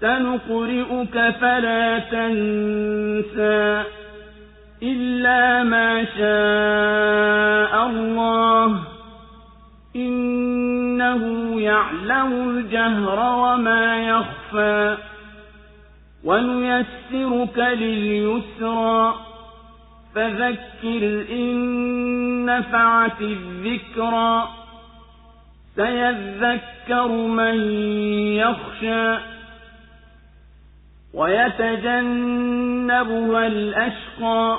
سنقرئك فلا تنسى إلا ما شاء الله إنه يعلم الجهر وما يخفى ونيسرك لليسرى فذكر إن نفعت الذكرى سيذكر من يخشى ويتجنبها الأشقى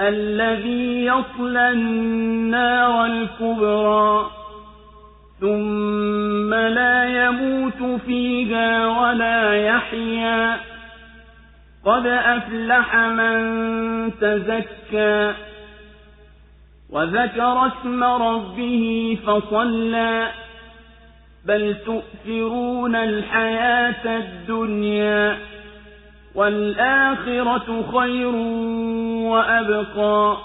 الذي يصلى النار الكبرى ثم لا يموت فيها ولا يحيا قد أفلح من تزكى وذكر اسم ربه فصلى بل تؤثرون الحياة الدنيا والآخرة خير وأبقى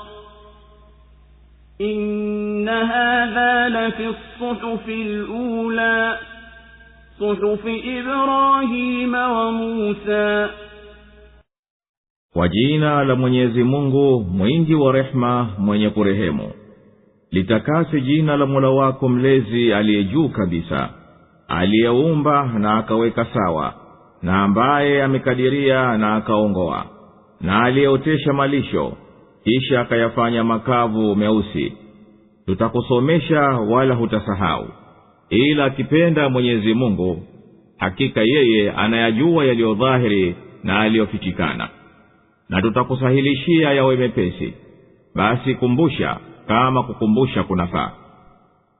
إن هذا لفي الصحف الأولى صحف إبراهيم وموسى وجينا لمن يزمونه Mwenyezi ورحمة mwingi wa litakase jina la mola wako mlezi aliye juu kabisa aliyeumba na akaweka sawa na ambaye amekadiria na akaongoa na aliyeotesha malisho kisha akayafanya makavu meusi tutakusomesha wala hutasahau ila akipenda mwenyezi mungu hakika yeye anayajua yaliyodhahiri na aliyofichikana na tutakusahilishia yawe mepesi basi kumbusha kama kukumbusha kunafaa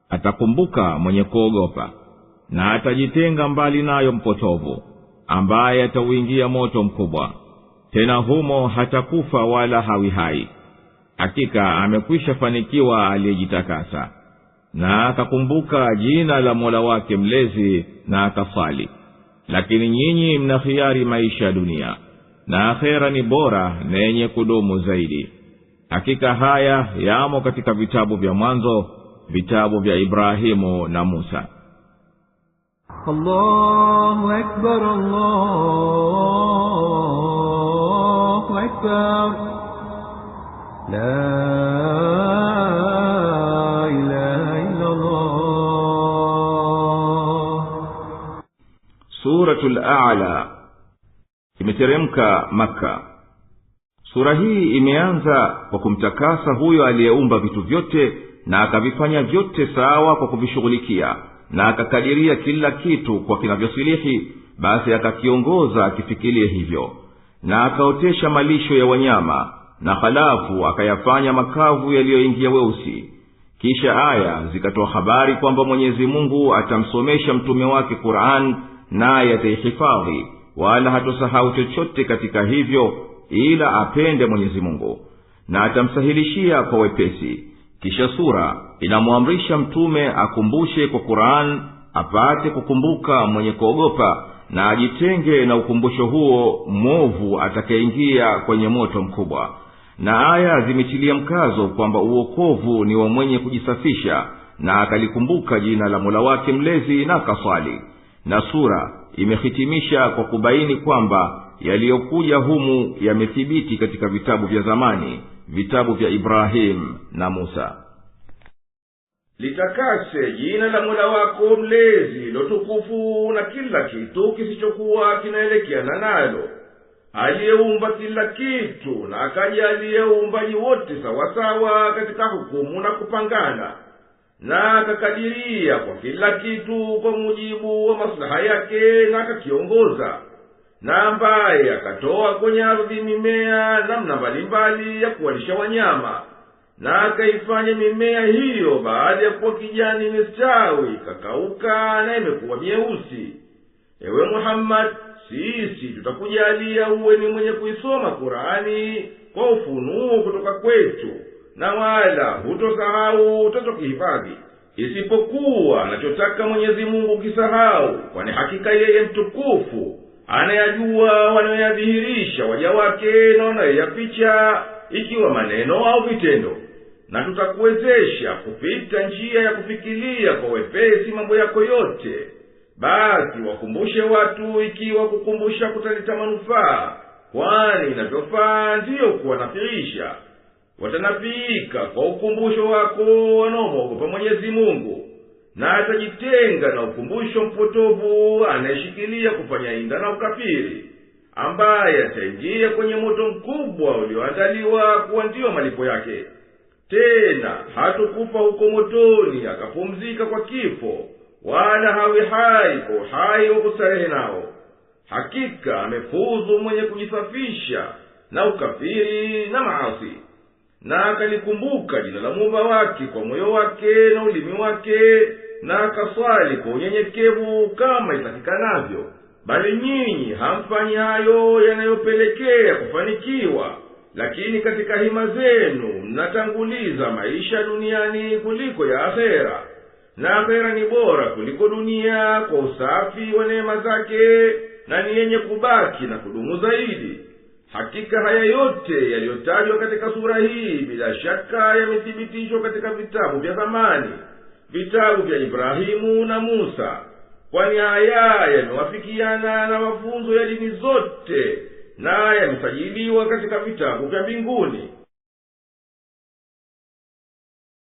atakumbuka mwenye kuogopa na atajitenga mbali nayo mpotovu ambaye atauingia moto mkubwa tena humo hatakufa wala hawi hai hakika amekwisha fanikiwa aliyejitakasa na akakumbuka jina la mola wake mlezi na akaswali lakini nyinyi mna maisha ya dunia na akhera ni bora na yenye kudumu zaidi hakika haya yamo katika vitabu vya mwanzo vitabu vya ibrahimu na musa allahu akbar, allahu akbar. La ilaha suratul ala imeteremka makka sura hii imeanza kwa kumtakasa huyo aliyeumba vitu vyote na akavifanya vyote sawa kwa kuvishughulikia na akakadiria kila kitu kwa kinavyosilihi basi akakiongoza akifikilie hivyo na akaotesha malisho ya wanyama na halafu akayafanya makavu yaliyoingia weusi kisha aya zikatoa habari kwamba mwenyezi mungu atamsomesha mtume wake qur'an naye ataihifadhi wala hatosahau chochote katika hivyo ila apende mwenyezi mungu na atamsahilishia kwa wepesi kisha sura inamwamrisha mtume akumbushe kwa quran apate kukumbuka mwenye kuogopa na ajitenge na ukumbusho huo mwovu atakayeingia kwenye moto mkubwa na aya zimetilia mkazo kwamba uokovu ni wa mwenye kujisafisha na akalikumbuka jina la mola wake mlezi na kaswali na sura imehitimisha kwa kubaini kwamba yaliyokuja humu yamethibiti katika vitabu vya zamani vitabu vya ibrahimu na musa litakase jina la mola wako mlezi lotukufu na kila kitu kisichokuwa kinaelekeana nalo aliyeumba kila kitu na akajalie uumbaji wote sawasawa katika hukumu na kupangana na akakadiria kwa kila kitu kwa mujibu wa masilaha yake na akakiongoza na ambaye akatoa kwenye ardhi mimea namna mbalimbali ya kuwalisha wanyama na akaifanya mimea hiyo baada ya kuwa kijani imestawi ikakauka na imekuwa myeusi ewe muhammadi sisi tutakujalia uwe ni mwenye kuisoma kurani kwa ufunuo kutoka kwetu na wala hutosahau totokihifadhi isipokuwa anachotaka mwenyezi mungu ukisahau kwani hakika yeye mtukufu anayajua wanayoyadhihirisha waja wake na wanayoyaficha ikiwa maneno au vitendo na tutakuwezesha kupita njia ya kufikilia kwa wepesi mambo yako yote basi wakumbushe watu ikiwa kukumbusha kutaleta manufaa kwani inavyofaa ndiyo kuwanafirisha watanafiika kwa ukumbusho wako wanaomwogopa mwenyezi mungu na atajitenga na ukumbusho mpotovu anayeshikilia kufanya inda na ukafiri ambaye ataingia kwenye moto mkubwa ulioandaliwa kuwa ndiyo malipo yake tena hatukufa huko motoni akapumzika kwa kifo wala hawi hai kwa uhai wa kusarehe nao hakika amefuzu mwenye kujisafisha na ukafiri na maasi na akalikumbuka jina la muumba wake kwa moyo wake na ulimi wake na akaswali kwa unyenyekevu kama itakikanavyo bali nyinyi hamfanyi hayo yanayopelekea kufanikiwa lakini katika hima zenu mnatanguliza maisha duniani kuliko ya ahera na ahera ni bora kuliko dunia kwa usafi wa neema zake na ni yenye kubaki na kudumu zaidi hakika haya yote yaliyotajwa katika sura hii bila shaka yamethibitishwa katika vitabu vya zamani vitabu vya ibrahimu na musa kwani haya yamewafikiana na mafunzo ya dini zote na yamesajiliwa katika vitabu vya mbinguni